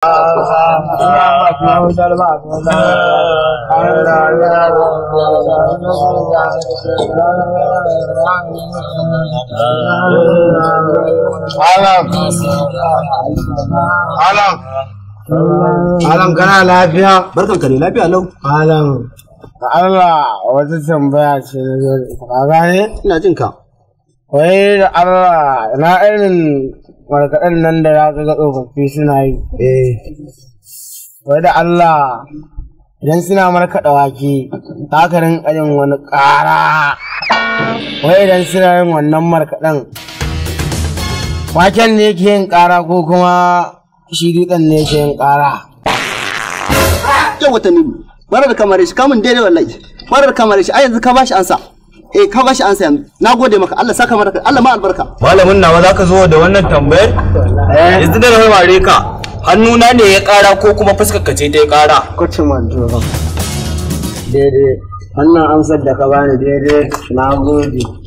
Alam kana lafiya? Barkan ka ne lafiya lau. Alam. Allah wata tambaya ce na zo Ka gane? Ina jin ka. Wai Allah na irin markaɗan nan da za ka ga tsofaffi suna yi eh. Wai da Allah idan suna markaɗa wake za ka rinka yin wani ƙara wai idan suna yin wannan markaɗan waken ne yake yin ƙara ko kuma shi dutsen ne yake yin ƙara yau wata nuna marar kamar shi kamun daidai wallahi marar kamar shi a yanzu ka bashi ansa eh ka bashi an sayan na gode maka Allah saka maka Allah ma albarka malamin nawa zaka zo da wannan tambayar eh yanzu da na mare ka hannuna ne ya kara ko kuma fuskar ka ce ta ya kara kwacin manjo daidai wannan amsar da ka bani daidai na gode